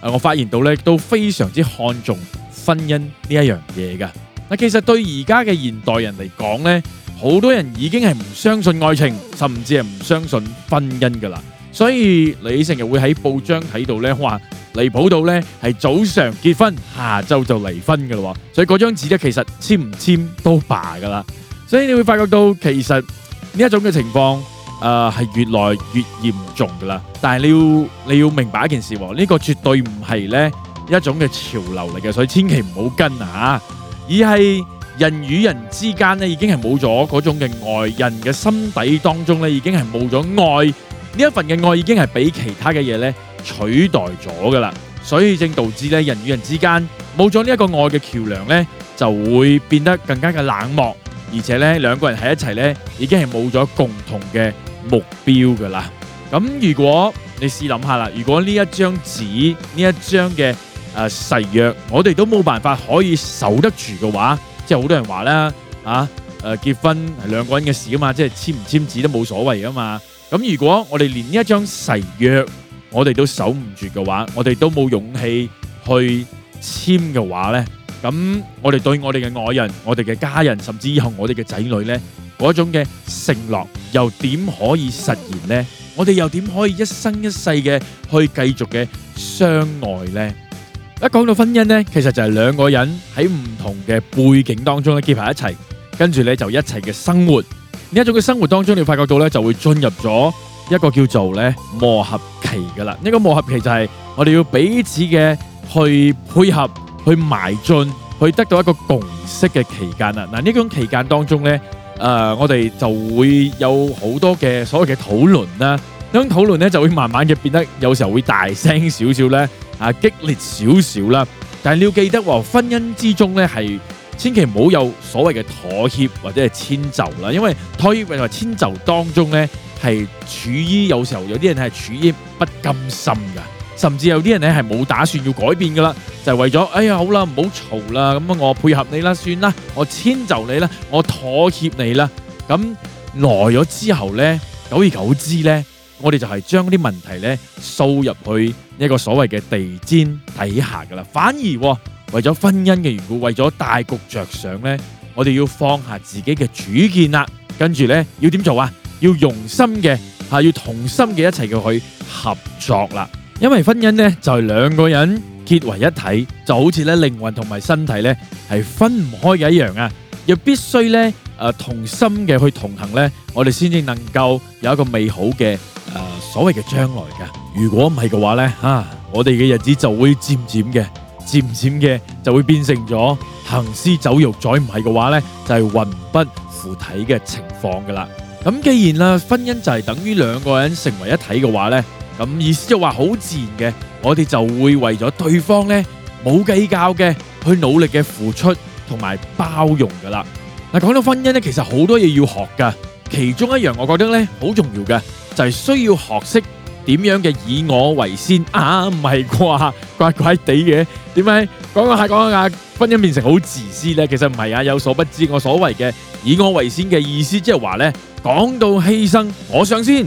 啊！我發現到咧都非常之看重婚姻呢一樣嘢噶。嗱，其實對而家嘅現代人嚟講咧，好多人已經係唔相信愛情，甚至係唔相信婚姻噶啦。所以你成日會喺報章睇到咧話離譜到咧係早上結婚，下晝就離婚噶啦。所以嗰張紙咧其實簽唔簽都罷噶啦。所以你會發覺到其實呢一種嘅情況。誒，係越來越嚴重噶啦，但係你要你要明白一件事喎，呢個絕對唔係呢一種嘅潮流嚟嘅，所以千祈唔好跟啊，而係人與人之間呢已經係冇咗嗰種嘅愛，人嘅心底當中呢已經係冇咗愛，呢一份嘅愛已經係俾其他嘅嘢呢取代咗噶啦，所以正導致呢人與人之間冇咗呢一個愛嘅橋梁呢，就會變得更加嘅冷漠。而且咧，兩個人喺一齊咧，已經係冇咗共同嘅目標噶啦。咁如果你試諗下啦，如果呢一張紙呢一張嘅誒誓約，我哋都冇辦法可以守得住嘅話，即係好多人話啦，啊誒結婚係兩個人嘅事啊嘛，即係簽唔簽字都冇所謂啊嘛。咁如果我哋連呢一張誓約，我哋都守唔住嘅話，我哋都冇勇氣去簽嘅話咧？咁我哋對我哋嘅愛人、我哋嘅家人，甚至以後我哋嘅仔女呢，嗰種嘅承諾又點可以實現呢？我哋又點可以一生一世嘅去繼續嘅相愛呢？一講到婚姻呢，其實就係兩個人喺唔同嘅背景當中呢結合一齊，跟住呢就一齊嘅生活。呢一種嘅生活當中，你發覺到呢就會進入咗一個叫做呢磨合期噶啦。呢個磨合期就係我哋要彼此嘅去配合。去邁進，去得到一個共識嘅期間啦。嗱，呢種期間當中咧，誒，我哋就會有好多嘅所謂嘅討論啦。呢種討論咧就會慢慢嘅變得有時候會大聲少少咧，啊，激烈少少啦。但係你要記得喎，婚姻之中咧係千祈唔好有所謂嘅妥協或者係遷就啦。因為妥協或者遷就當中咧係處於有時候有啲人係處於不甘心㗎，甚至有啲人咧係冇打算要改變㗎啦。就為咗，哎呀，好啦，唔好嘈啦，咁啊，我配合你啦，算啦，我遷就你啦，我妥協你啦，咁來咗之後呢，久而久之呢，我哋就係將啲問題呢掃入去一個所謂嘅地氈底下噶啦，反而、哦、為咗婚姻嘅緣故，為咗大局着想呢，我哋要放下自己嘅主見啦，跟住呢，要點做啊？要用心嘅，係要同心嘅一齊去合作啦，因為婚姻呢，就係、是、兩個人。結為一體，就好似咧靈魂同埋身體咧係分唔開嘅一樣啊！又必須咧誒同心嘅去同行咧，我哋先至能夠有一個美好嘅誒所謂嘅將來㗎。如果唔係嘅話咧，吓我哋嘅日子就會漸漸嘅，漸漸嘅就會變成咗行屍走肉，再唔係嘅話咧就係魂不附體嘅情況噶啦。咁既然啊婚姻就係等於兩個人成為一體嘅話咧。咁意思就話好自然嘅，我哋就會為咗對方呢冇計較嘅，去努力嘅付出同埋包容噶啦。嗱，講到婚姻呢，其實好多嘢要學噶，其中一樣我覺得呢好重要嘅就係需要學識點樣嘅以我為先啊，唔係啩，怪怪地嘅。點解講講下講下婚姻變成好自私呢？其實唔係啊，有所不知，我所謂嘅以我為先嘅意思，即係話呢：講到犧牲，我上先。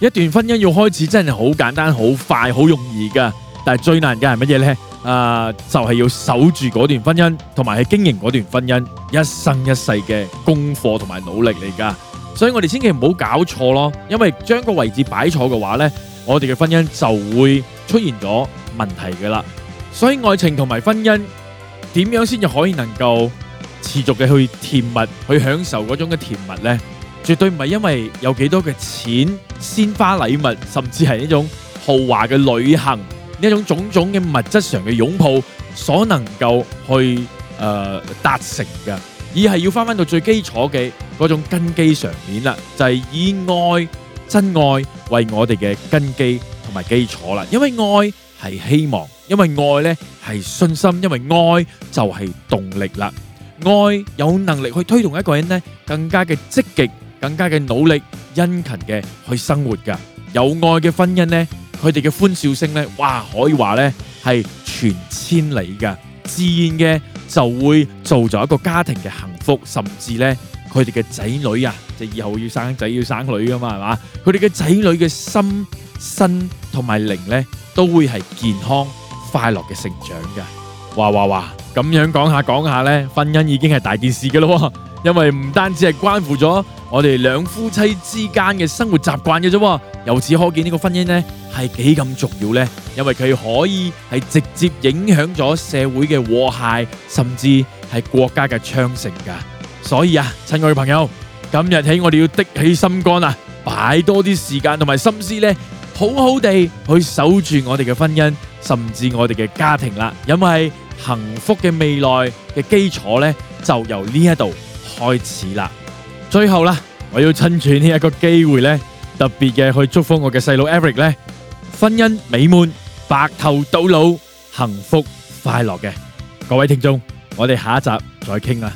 一段婚姻要開始真係好簡單、好快、好容易噶，但係最難嘅係乜嘢呢？啊，就係要守住嗰段婚姻，同埋係經營嗰段婚姻，一生一世嘅功課同埋努力嚟噶。所以我哋千祈唔好搞錯咯，因為將個位置擺錯嘅話呢，我哋嘅婚姻就會出現咗問題噶啦。所以愛情同埋婚姻點樣先至可以能夠持續嘅去甜蜜，去享受嗰種嘅甜蜜呢？絕對唔係因為有幾多嘅錢、鮮花禮物，甚至係呢種豪華嘅旅行，呢一種種種嘅物質上嘅擁抱所能夠去誒達成嘅，而係要翻翻到最基礎嘅嗰種根基上面啦，就係以愛、真愛為我哋嘅根基同埋基礎啦。因為愛係希望，因為愛呢係信心，因為愛就係動力啦。愛有能力去推動一個人呢更加嘅積極。更加嘅努力，殷勤嘅去生活噶，有愛嘅婚姻咧，佢哋嘅歡笑聲咧，哇，可以話咧係傳千里噶，自然嘅就會造就一個家庭嘅幸福，甚至咧佢哋嘅仔女啊，就以後要生仔要生女噶嘛，係嘛？佢哋嘅仔女嘅心身同埋靈咧，都會係健康快樂嘅成長噶，話話話咁樣講下講下咧，婚姻已經係大件事噶咯。因為唔單止係關乎咗我哋兩夫妻之間嘅生活習慣嘅啫，由此可見呢個婚姻呢係幾咁重要呢？因為佢可以係直接影響咗社會嘅和諧，甚至係國家嘅昌盛㗎。所以啊，親愛嘅朋友，今日起我哋要滴起心肝啊，擺多啲時間同埋心思呢，好好地去守住我哋嘅婚姻，甚至我哋嘅家庭啦。因為幸福嘅未來嘅基礎呢就由呢一度開始啦，最後啦，我要趁住呢一個機會呢，特別嘅去祝福我嘅細佬 Eric 呢，婚姻美滿，白頭到老，幸福快樂嘅。各位聽眾，我哋下一集再傾啦。